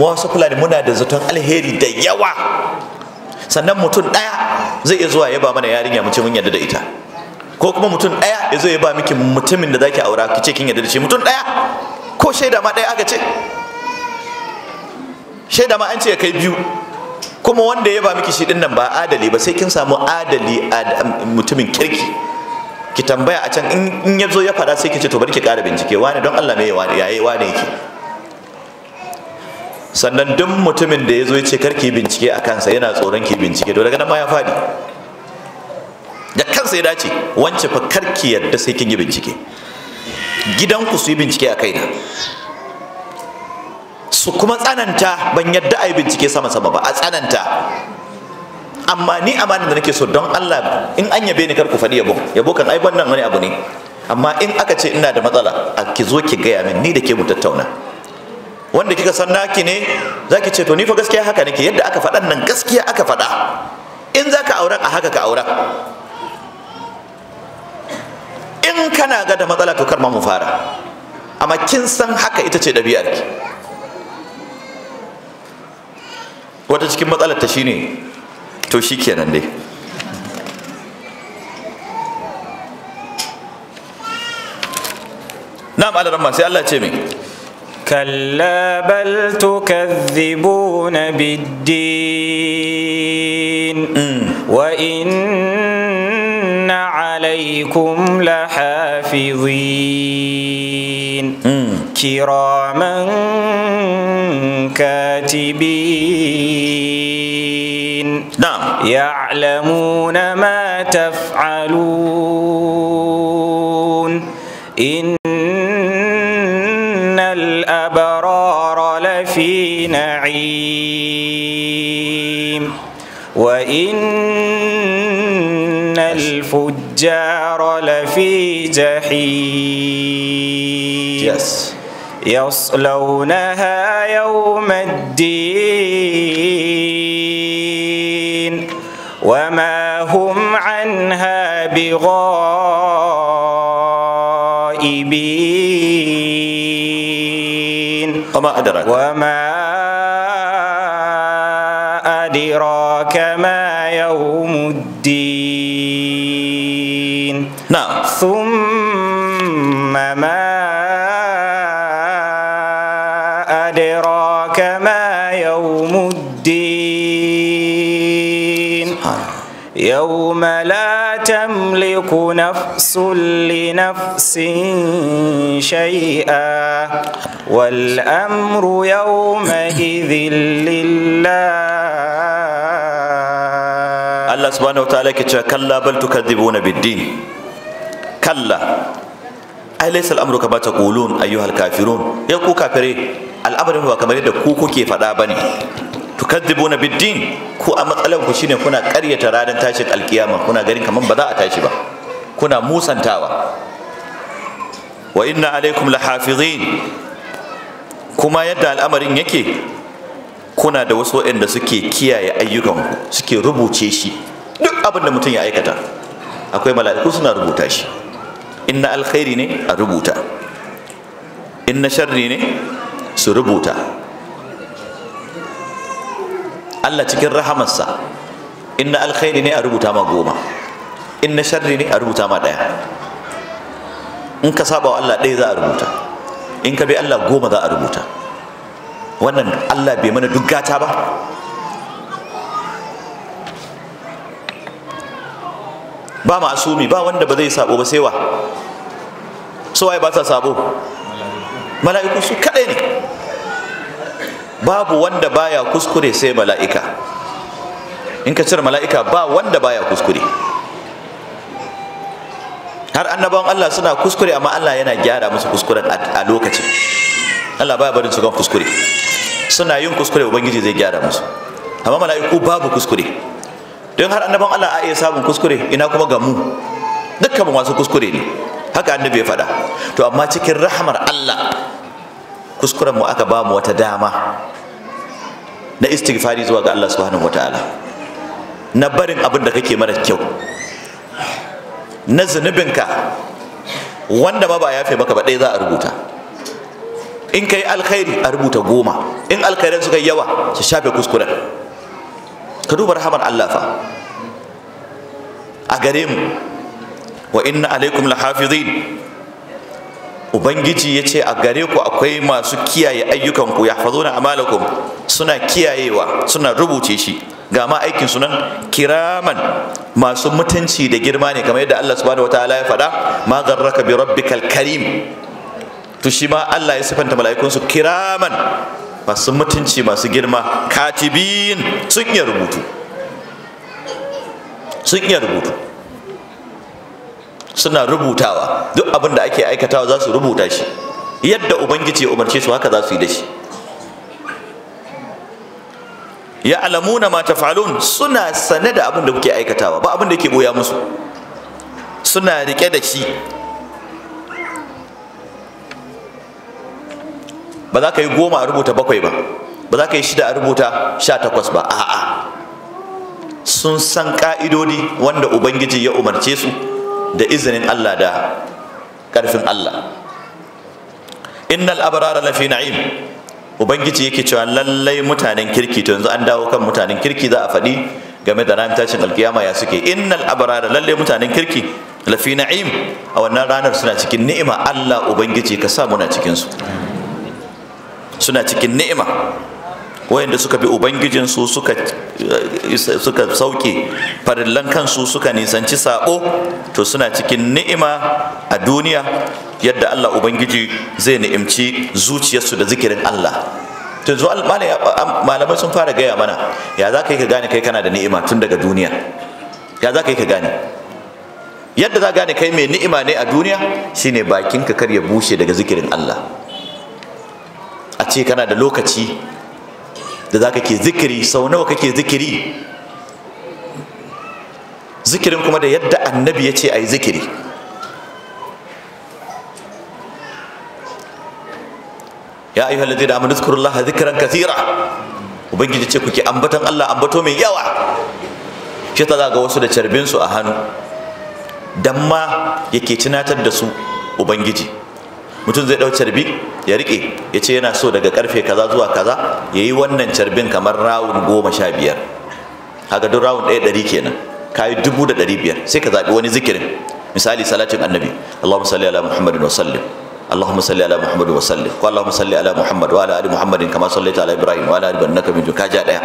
mu hausa fulani muna da zaton alheri da yawa sannan mutum ɗaya zai iya zuwa ya ba mana yarinya mu ce mun yarda da ita ko kuma mutum ɗaya ya zo ya ba miki mutumin da zaki aura ki ce kin yarda da shi mutum ɗaya ko shaida ma ɗaya aka ce shaida ma an ce ya kai biyu kuma wanda ya ba miki shi dinnan ba adali ba sai kin samu adali a mutumin kirki ki tambaya a can in ya zo ya faɗa sai ki ce to bari ki ƙara bincike wani don Allah me ya yi wani yake sannan duk mutumin da ya zo ya ce karki bincike a kansa yana tsoron ki bincike to daga nan ma ya faɗi da kansa ya dace wance fa karki yadda sai kin yi bincike gidanku su yi bincike a kaina su kuma tsananta ban yadda a yi bincike sama sama ba a tsananta amma ni amanin da nake so don Allah in an yabe ni kar ku faɗi yabo yabo kan ai wannan wani abu ne amma in aka ce ina da matsala a ki zo ki gaya min ni da ke mu tattauna wanda kika san naki ne zaki ce to ni fa gaskiya haka nake yadda aka faɗan nan gaskiya aka faɗa in zaka auren a haka ka auren in kana ga da matsala to kar ma mu fara amma kin san haka ita ce ɗabi'ar ki wata cikin matsalar ta shine to shi kenan dai na'am alaramma sai Allah ce kalla bal tukazzibuna biddin mm. wa in عليكم لحافظين كراما كاتبين نعم يعلمون ما تفعلون إن الأبرار لفي نعيم وإن الفجار الفجار لفي جحيم yes. يصلونها يوم الدين وما هم عنها بغائبين وما أدرك وما يوم لا تملك نفس لنفس شيئا والأمر يومئذ لله الله سبحانه وتعالى كلا بل تكذبون بالدين كلا أليس الأمر كما تقولون أيها الكافرون يقول كافرين الأمر هو كما يدى كوكو كيف أدابني tukadzibuna biddin ku a matsalar ku shine kuna ƙaryata ranar tashin alkiyama kuna garin kamar ba za a tashi ba kuna musantawa wa inna alaikum lahafizin kuma yadda al'amarin yake kuna da wasu waɗanda suke kiyaye ayyukanku suke rubuce shi duk abin da mutum ya aikata akwai mala'iku suna rubuta shi inna alkhairi ne a rubuta inna sharri ne su rubuta Allah cikin rahamarsa inna alkhairi ne a rubuta ma goma inna sharri ne a rubuta ma ɗaya in ka saba wa Allah ɗaya za a rubuta in ka bi Allah goma za a rubuta wannan Allah bai mana duk gata ba ba ma asumi ba wanda ba zai sabo ba sai wa suwaye ba ta sabo mala'iku su kaɗai ne babu wanda baya kuskure sai mala'ika in ka cire mala'ika ba wanda baya kuskure har annabawan Allah suna kuskure amma Allah yana gyara musu kuskuren a lokacin Allah baya barin su kan kuskure suna yin kuskure ubangiji zai gyara musu amma mala'iku babu kuskure don har annabawan Allah a iya samun kuskure ina kuma ga mu dukkan masu kuskure ne haka annabi ya faɗa to amma cikin rahamar Allah kuskuren mu aka bamu wata dama na istighfari zuwa ga Allah subhanahu wataala na barin abin da kake mara kyau na ka. wanda ba ba ya fi maka ba ɗaya za a rubuta in kai alkhairi a rubuta goma in alkhairin suka yawa su shafe kuskuren ka duba rahaman Allah fa a gare mu wa inna alaikum lahafizin ubangiji ya ce a gare ku akwai masu kiyaye ayyukanku ya fazo na amalakum suna kiyayewa suna rubuce shi ga ma aikin sunan kiraman masu mutunci da girma ne kamar yadda Allah subhanahu wataala ya faɗa ma garraka bi rabbikal karim to shi ma Allah ya sifanta su kiraman masu mutunci masu girma katibin sun iya rubutu sun iya rubutu suna rubutawa duk abin da ake aikatawa za su rubuta shi yadda ubangiji ya umarce su haka za su yi da shi ya alamuna ma tafalun suna sane da abin da kuke aikatawa ba abin da yake boya musu suna rike da shi ba za ka yi goma a rubuta bakwai ba ba za ka yi shida a rubuta sha takwas ba a'a sun san ka'idodi wanda ubangiji ya umarce su da izinin Allah da ƙarfin Allah innal abrara lafi na'im ubangiji yake cewa lallai mutanen kirki to yanzu an dawo kan mutanen kirki za a faɗi game da ranar tashin alkiyama ya suke innal abrara lallai mutanen kirki lafi na'im a wannan ranar suna cikin ni'ima Allah ubangiji ka sa muna cikin suna cikin ni'ima wayanda suka bi ubangijinsu suka eh, suka sauke farillan kansu suka nisanci sabo to suna cikin ni'ima a duniya yadda Allah ubangiji zai ni'imci zuciyarsu da zikirin Allah to zo malamai sun fara gaya mana ya za ka yi ka gane kai kana da ni'ima tun daga duniya ya za ka yi ka gane yadda za ka gane kai mai ni'ima ne a duniya shine bakin ka kar ya bushe daga zikirin Allah a ce kana da lokaci da za ka ke zikiri sau nawa kake zikiri zikirin kuma da yadda annabi ya ce a yi zikiri ya ayyuhal ladina amanu zkurullaha zikran kathira ubangiji ce kuke ambaton Allah ambato mai yawa shi ta ga wasu da carbin su a hannu dan ma yake tunatar da su ubangiji mutum zai ɗau carbi ya riƙe ya ce yana so daga ƙarfe kaza zuwa kaza ya yi wannan carbin kamar rawun goma sha biyar haka duk rawun ɗaya ɗari kenan ka yi dubu da ɗari biyar sai ka zaɓi wani zikirin misali salatin annabi allahumma salli ala muhammadin wa sallim اللهم صل على محمد وسلم ala صل على محمد وعلى ال محمد Ibrahim, wa ala ابراهيم وعلى ال انك min ka ja ɗaya.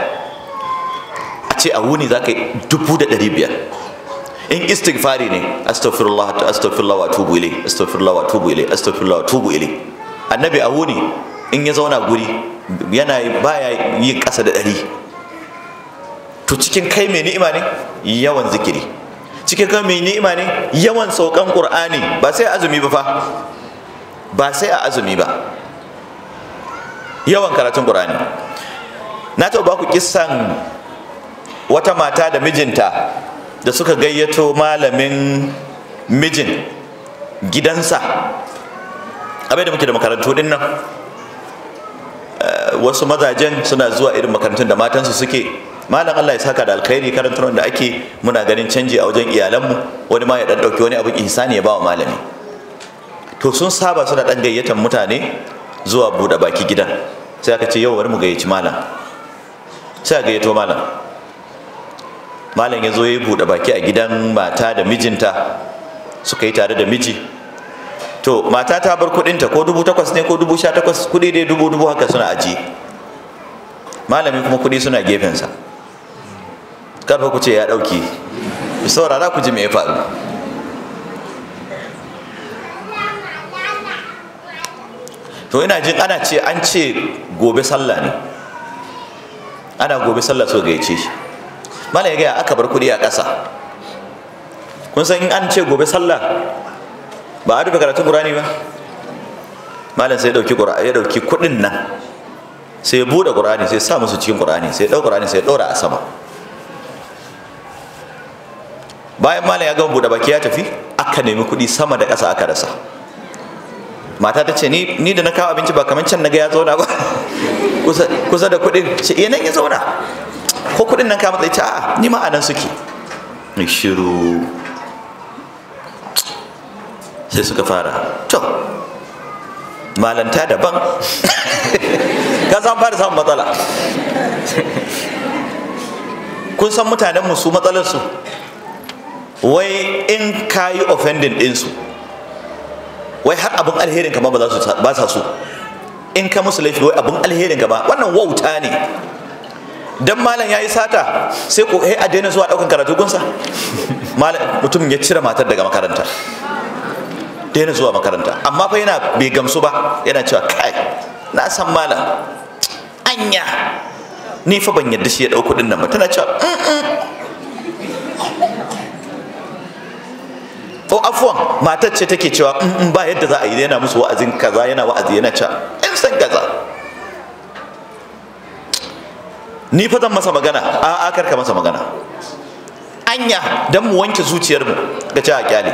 a ce a wuni zaka yi dubu da ɗari biyar in istighfari ne astaghfirullah astaghfirullah wa tubu ilai astaghfirullah wa tubu ilai astaghfirullah wa tubu ilai annabi a wuni in ya zauna guri yana baya yi kasa da ɗari to cikin kai mai ni'ima ne yawan zikiri cikin kai mai ni'ima ne yawan saukan qur'ani ba sai azumi ba fa ba sai a azumi ba yawan karatun qur'ani na ta ba ku kissan wata mata da mijinta da suka gayyato malamin mijin gidansa abin da muke da makarantu din nan eh, wasu mazajen suna zuwa irin makarantun da matansu suke malam Allah ya saka da alkhairi karantar da ake muna ganin canji a wajen iyalanmu wani ma ya dan dauki wani abu ihsani ya bawa malami to sun saba suna dan gayyatar mutane zuwa buɗe baki gidan sai aka ce yau bari mu gayyaci malam sai a gayyato malam malam ya zo ya buɗe baki a gidan mata da mijinta suka yi tare da miji to mata ta bar kuɗinta ko dubu takwas ne ko dubu sha takwas kuɗi dai dubu dubu haka suna ajiye malami kuma kuɗi suna gefensa karfa ku ce ya ɗauki saurara ku ji me ya faru to ina jin ana ce an ce gobe sallah ne ana gobe sallah so gaice shi mala ya gaya aka bar kuɗi a ƙasa kun san in an ce gobe sallah ba a rufe karatun qur'ani ba malam sai ya dauki ya dauki kuɗin nan sai ya buɗe qur'ani sai ya sa musu cikin qur'ani sai ya ɗau ƙurani sai ya ɗora a sama bayan malam ya gama buɗe baki ya tafi aka nemi kuɗi sama da ƙasa aka rasa mata ta ce ni da na kawo abinci ba kamar can na ga ya zauna ba kusa da kuɗin ce iya nan ya zauna ko kuɗin nan ka matsayi? ita ni ma anan suke shiru sai suka fara to malanta daban ka san fara samun matsala kun san mutanenmu su matsalarsu wai in ka yi din ɗinsu wai har abin alherin ka ba za su ba sa su in ka musu laifi wai abin alherin ka ba wannan wauta ne dan malam yayi sata sai ko eh a daina zuwa daukan karatu gunsa malam mutum ya cire matar daga makaranta daina zuwa makaranta amma fa yana bai gamsu ba yana cewa kai na san malam anya ni fa ban yadda shi ya dauko dinnan nan ba tana cewa ko mm, mm. oh, afuwan matar ce take cewa in mm, ba yadda za a yi yana musu wa'azin kaza yana wa'azi yana cewa in san kaza ni fa zan masa magana a a karka masa magana anya dan mu wanke zuciyar mu ga ci a kyale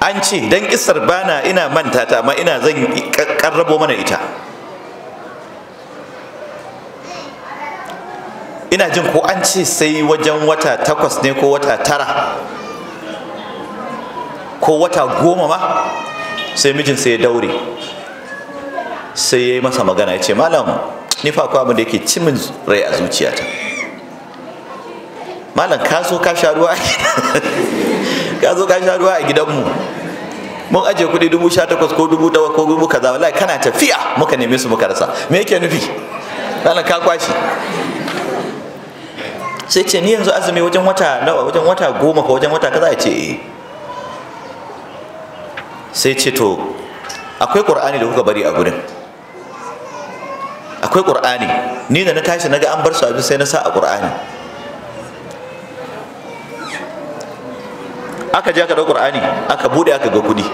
an ce dan isar bana ina manta ta amma ina zan karrabo mana ita ina jin ko an ce sai wajen wata takwas ne ko wata tara ko wata goma ma sai mijin sai ya daure sai ya yi masa magana ya ce malam ni fa akwai da yake cimin rai a zuciyata malam ka zo ka sharuwa ka zo ka sharuwa a gidanmu mun aje kuɗi dubu sha takwas ko dubu dawa ko dubu kaza wallahi kana tafiya muka neme su muka rasa me yake nufi malam ka kwashi sai ce ni yanzu azumi wajen wata nawa wajen wata goma ko wajen wata kaza ya ce eh sai ce to akwai ƙur'ani da kuka bari a gurin akwai ƙur'ani ni da na tashi na ga an bar su abin sai na sa a ƙur'ani aka je aka ɗau ƙur'ani aka buɗe aka ga kuɗi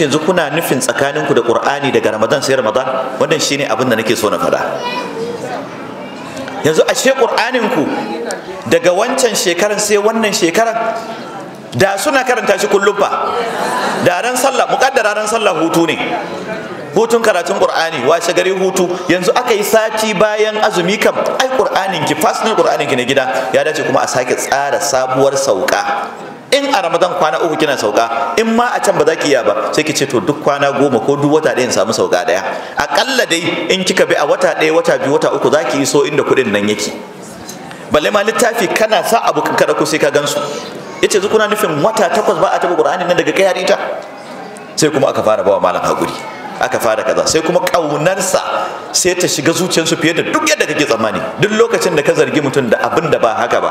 yanzu kuna nufin tsakaninku da ƙur'ani daga ramadan sai ramadan wannan shine abin da nake so na faɗa yanzu ashe ƙur'aninku daga wancan shekaran sai wannan shekaran da suna karanta shi kullum fa da ran sallah muƙaddara ran sallah hutu ne hutun karatun qur'ani washe gari hutu yanzu aka yi sati bayan azumi kam ai qur'anin ki fasinal qur'anin ki na gida ya dace kuma a sake tsara sabuwar sauka in a ramadan kwana uku kina sauka in ma a can ba za ki iya ba sai ki ce to duk kwana goma ko duk wata ɗaya in samu sauka ɗaya aƙalla dai in kika bi a wata ɗaya wata biyu wata uku za ki iso inda kuɗin nan yake balle ma littafi kana sa abu kankara ko sai ka gansu yace zu kuna nufin wata takwas ba a taba qur'ani nan daga kai har ita sai kuma aka fara bawa malam hakuri aka fara kaza sai kuma kaunarsa sai ta shiga zuciyarsu fiye da duk yadda kake tsammani duk lokacin da ka zargi mutum da abin da ba haka ba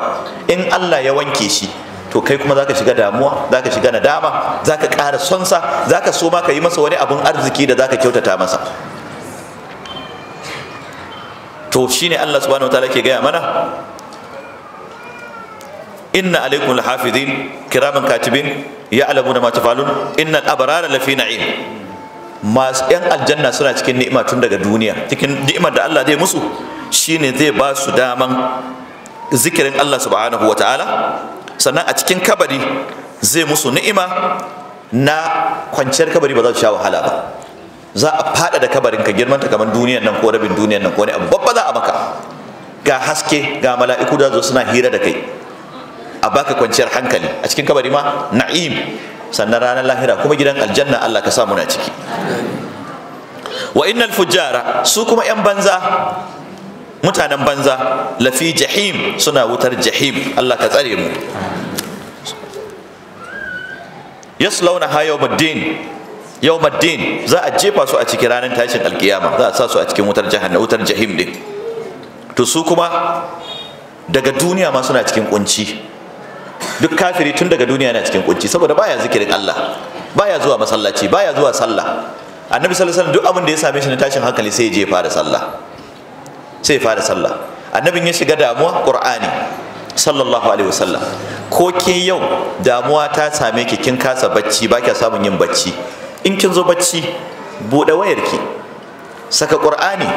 in Allah ya wanke shi to kai kuma zaka shiga damuwa zaka shiga nadama zaka ƙara sonsa zaka so ma ka yi masa wani abun arziki da zaka kyautata masa to shine Allah subhanahu wataala ke gaya mana inna alaikum lahafidin kiramin katibin ya ya'lamuna mata tafalun inna abrara lafi na'im masu yan aljanna suna cikin ni'ima tun daga duniya cikin ni'imar da Allah zai musu shine zai ba su daman zikirin Allah subhanahu wa ta'ala sannan a cikin kabari zai musu ni'ima na kwanciyar kabari ba za su sha wahala ba za a fada da kabarin ka girman ta kamar duniyan nan ko rabin duniyan nan ko wani abu babba za a maka ga haske ga mala'iku da zo suna hira da kai a baka kwanciyar hankali a cikin kabari ma na'im sannan ranar lahira kuma gidan aljanna Allah ka samu na ciki wa innal fujara su kuma yan banza mutanen banza lafi jahim suna wutar jahim Allah ka tsare mu yaslauna ha yau Madin za a jefa su a cikin ranar tashin alkiyama za a sa su a cikin wutar jahanna wutar jahim din to su kuma daga duniya ma suna cikin kunci duk kafiri tun daga duniya na cikin kunci saboda baya zikirin Allah baya zuwa masallaci baya zuwa sallah annabi sallallahu alaihi wasallam duk abin da ya same shi na tashin hankali sai ya je fara sallah sai ya fara sallah annabin ya shiga damuwa qur'ani sallallahu alaihi wasallam ko ke yau damuwa ta same ki kin kasa bacci ba kya samun yin bacci in kin zo bacci buɗe wayarki saka qur'ani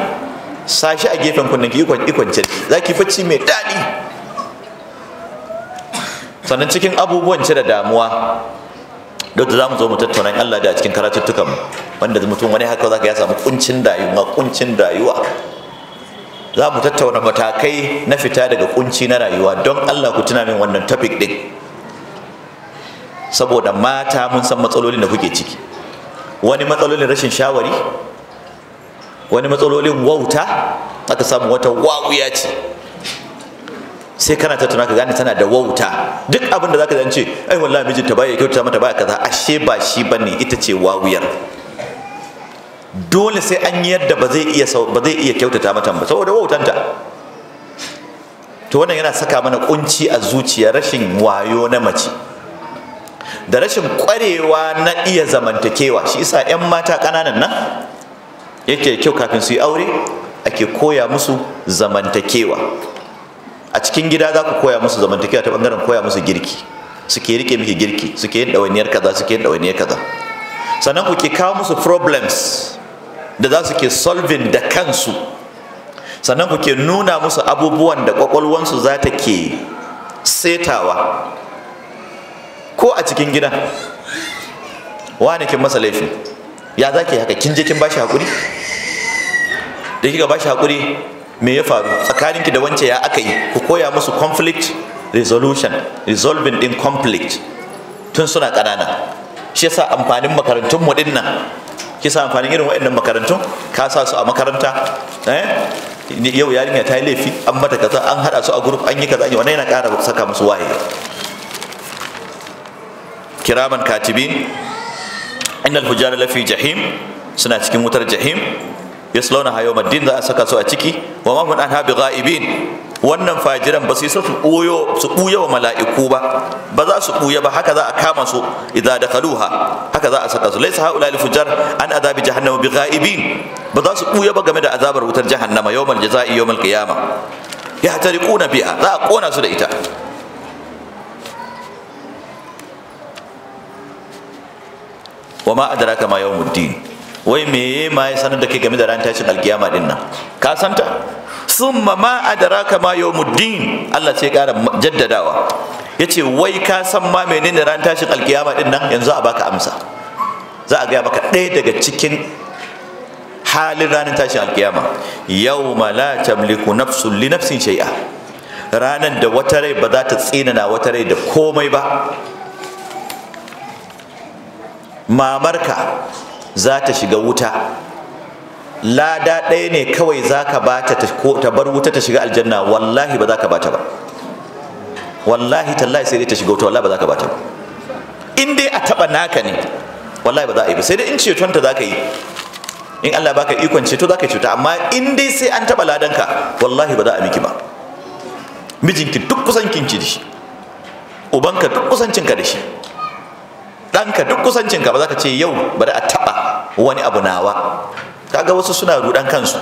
sashi a gefen kunnen ki ikon ikon za ki bacci mai daɗi sannan cikin abubuwan da damuwa duk da zamu zo mu tattauna in Allah da cikin karatuttukan wanda mutum wani haka zaka ya samu kuncin rayuwa kuncin rayuwa za mu tattauna matakai na fita daga kunci na rayuwa don Allah ku tuna min wannan topic din saboda mata mun san matsalolin da kuke ciki wani matsalolin rashin shawari wani matsalolin wauta aka samu wata wawuya ce sai kana ta tunaka ka gane tana da wauta duk abin da zaka zance ai wallahi ta baya kyautata mata baya kaza ashe ba shi bane ita ce wawiyar dole sai an yi yadda ba zai iya ba zai iya kyautata mata ba saboda wautanta to wannan yana saka mana kunci a zuciya rashin wayo na mace da rashin kwarewa na iya zamantakewa shi isa 'yan mata kananan nan yake kyau kafin su yi aure ake koya musu zamantakewa a cikin gida za ku koya musu zamantakewa ta bangaren koya musu girki suke rike miki girki suke yin dawainiyar kaza suke yin dawainiyar kaza sannan ku ke kawo musu problems da za su ke solving da kansu sannan ku ke nuna musu abubuwan da kwakwalwansu za ta ke setawa ko a cikin gidan wani kin masa laifi ya za ke haka kin je kin bashi hakuri da kika bashi hakuri me ya faru tsakaninki da wance ya aka yi ku koya musu conflict resolution resolving in conflict tun suna ƙanana shi yasa amfanin makarantun mu din nan ki sa amfanin irin waɗannan makarantun ka sa su a makaranta eh yau yarinya ta yi laifi an mata kaza an hada su a group an yi kaza an yi wannan yana ƙara saka musu waye kiraman katibin innal fujara lafi jahim suna cikin wutar jahim yaslawna yawmal din za a saka su a ciki wa ma mun anha bighaibin wannan fajiran ba sai su ɓoyo su ɓuya wa mala'iku ba ba za su ɓuya ba haka za a kama su idza dakhaluha haka za a saka su laysa haula al fujar an adabi jahannama bighaibin ba za su ɓuya ba game da azabar wutar jahannama yawmal jazai yawmal qiyama yahtariquna biha za a kona su da ita wa ma adraka ma yawmuddin wai ya ma ya sanar da kai game da ran tashin alkiyama din nan ka santa summa ma adraka ma yawmuddin Allah sai kara jaddadawa yace wai ka san ma menene ran tashin alkiyama din nan yanzu a baka amsa za a gaya baka ɗaya daga cikin halin ranar tashin alkiyama yawma la tamliku nafsun li nafsin shay'a ranar da wata rai ba za ta na wata rai da komai ba mamarka za ta shiga wuta lada ɗaya ne kawai za ka ba ta bar wuta ta shiga aljanna wallahi ba za ka ba ta ba wallahi tallahi sai dai ta shiga wuta wallahi ba za ka ba ta ba in dai a taɓa naka ne wallahi ba za a yi ba sai dai in ta za ka yi in Allah ba ka ikon ceto za ka cuta amma in dai sai an taɓa ladanka wallahi ba za a miki ba mijinki duk kusancinki da shi ubanka duk kusancinka da shi ɗanka duk kusancinka ba za ka ce yau bari a taɓa wani abu nawa kaga wasu suna rudan kansu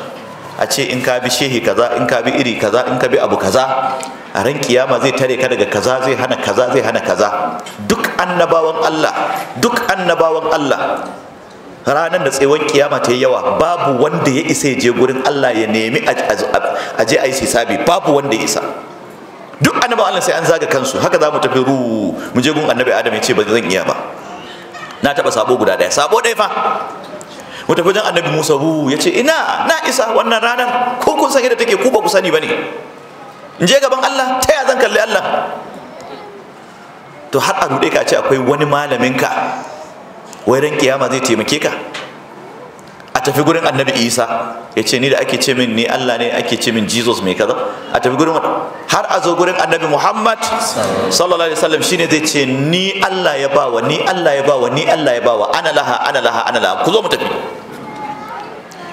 a ce in ka bi shehi kaza in ka bi iri kaza in ka bi abu kaza a ran kiyama zai tare ka daga kaza zai hana kaza zai hana kaza duk annabawan Allah duk annabawan Allah ranar da tsewon kiyama ta yi yawa babu wanda ya isa ya je gurin Allah ya nemi a je a yi hisabi babu wanda ya isa duk annabawan Allah sai an zaga kansu haka za mu tafi ru mu je gun annabi Adam ya ce ba zan iya ba na taɓa sabo guda ɗaya sabo ɗaya fa mu tafi annabi musa hu ya ce ina na isa wannan ranar ko kun san yadda take ku ba ku sani ba ne in je gaban allah ta ya zan kalli allah to har a ruɗe ka ce akwai wani malamin ka wai ran kiyama zai taimake ka tafi gurin annabi isa ya ce ni da ake ce min ni allah ne ake ce min jesus mai kaza a tafi gurin har a zo gurin annabi muhammad sallallahu alaihi wasallam shine zai ce ni allah ya bawa ni allah ya bawa ni allah ya bawa ana laha ana laha ana laha ku zo mu tafi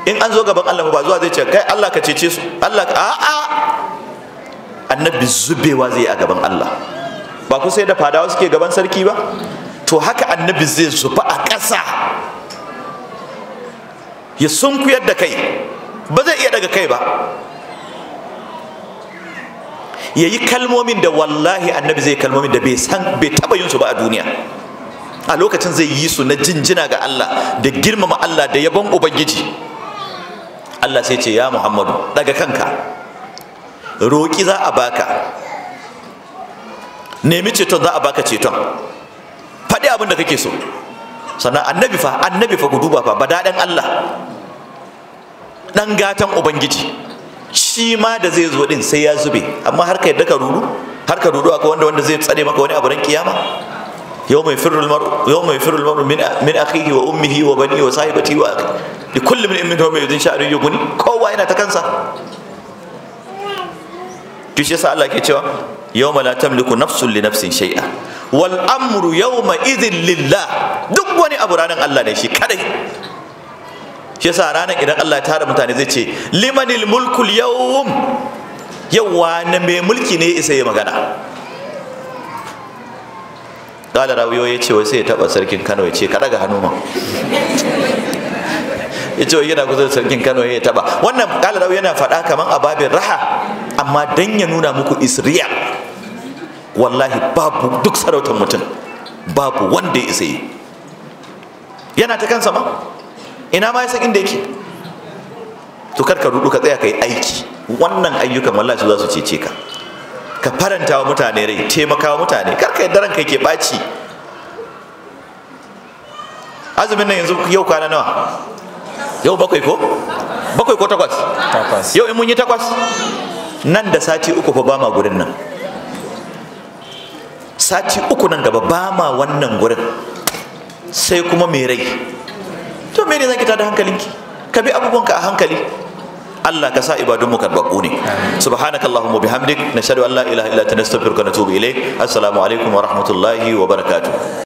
in an zo gaban allah ba zuwa zai ce kai allah ka cece su allah ka a'a annabi zubewa zai a gaban allah ba ku sai da fadawa suke gaban sarki ba to haka annabi zai zuba a ƙasa ya sunkuyar da kai ba zai iya daga kai ba ya yi kalmomin da wallahi annabi zai kalmomin da bai bai taba yin su ba a duniya a lokacin zai yi su na jinjina ga Allah da girmama Allah da yabon ubangiji Allah sai ce ya Muhammadu daga kanka roƙi za a baka nemi ceton za a baka ceton faɗi abin da kake so sannan annabi fa annabi fa ku duba fa daɗin Allah Ɗan gatan ubangiji shi ma da zai zo ɗin sai ya zube amma har ka yadda ka rudu har ka rudu akwai wanda wanda zai tsare maka wani abu ran kiyama yau mai firul mar yau mai firul mar min min akhihi wa ummihi wa bani wa sahibati wa akhi li kulli min min yawmin yudin sha'ru yuguni kowa yana ta kansa to sa Allah ke cewa yawma la tamliku nafsun li nafsin shay'a wal amru yawma idhin lillah duk wani abu ranar Allah ne shi kadai shi yasa ranar idan Allah ya tara mutane zai ce limanil mulkul yawm yawa na mai mulki ne isa ya magana kala rawiyo ya ce wai sai ya taba sarkin Kano ya ce ka daga hannu ma ya ce yana kusa da sarkin Kano ya taba wannan kala rawiyo yana faɗa kaman a raha amma dan ya nuna muku isriya wallahi babu duk sarautar mutum babu wanda ya isa yi yana ta kansa ma ina ma ya san inda yake to kar ka rudu ka tsaya ka yi aiki wannan ayyukan wallahi su za su cece ka ka faranta wa mutane rai taimaka wa mutane kar ka yadda ranka yake ɓaci azumin nan yanzu yau kwana nawa yau bakwai ko bakwai ko takwas yau in mun yi takwas nan da sati uku fa ba ma gurin nan sati uku nan gaba ba ma wannan gurin sai kuma mai rai to me ne zaki tada hankalinki ka bi abubuwanka a hankali Allah ka sa ibadunmu karbaku ne allahumma bihamdik nashhadu an la ilaha illa anta nastaghfiruka wa natubu ilayk assalamu alaikum wa rahmatullahi wa barakatuh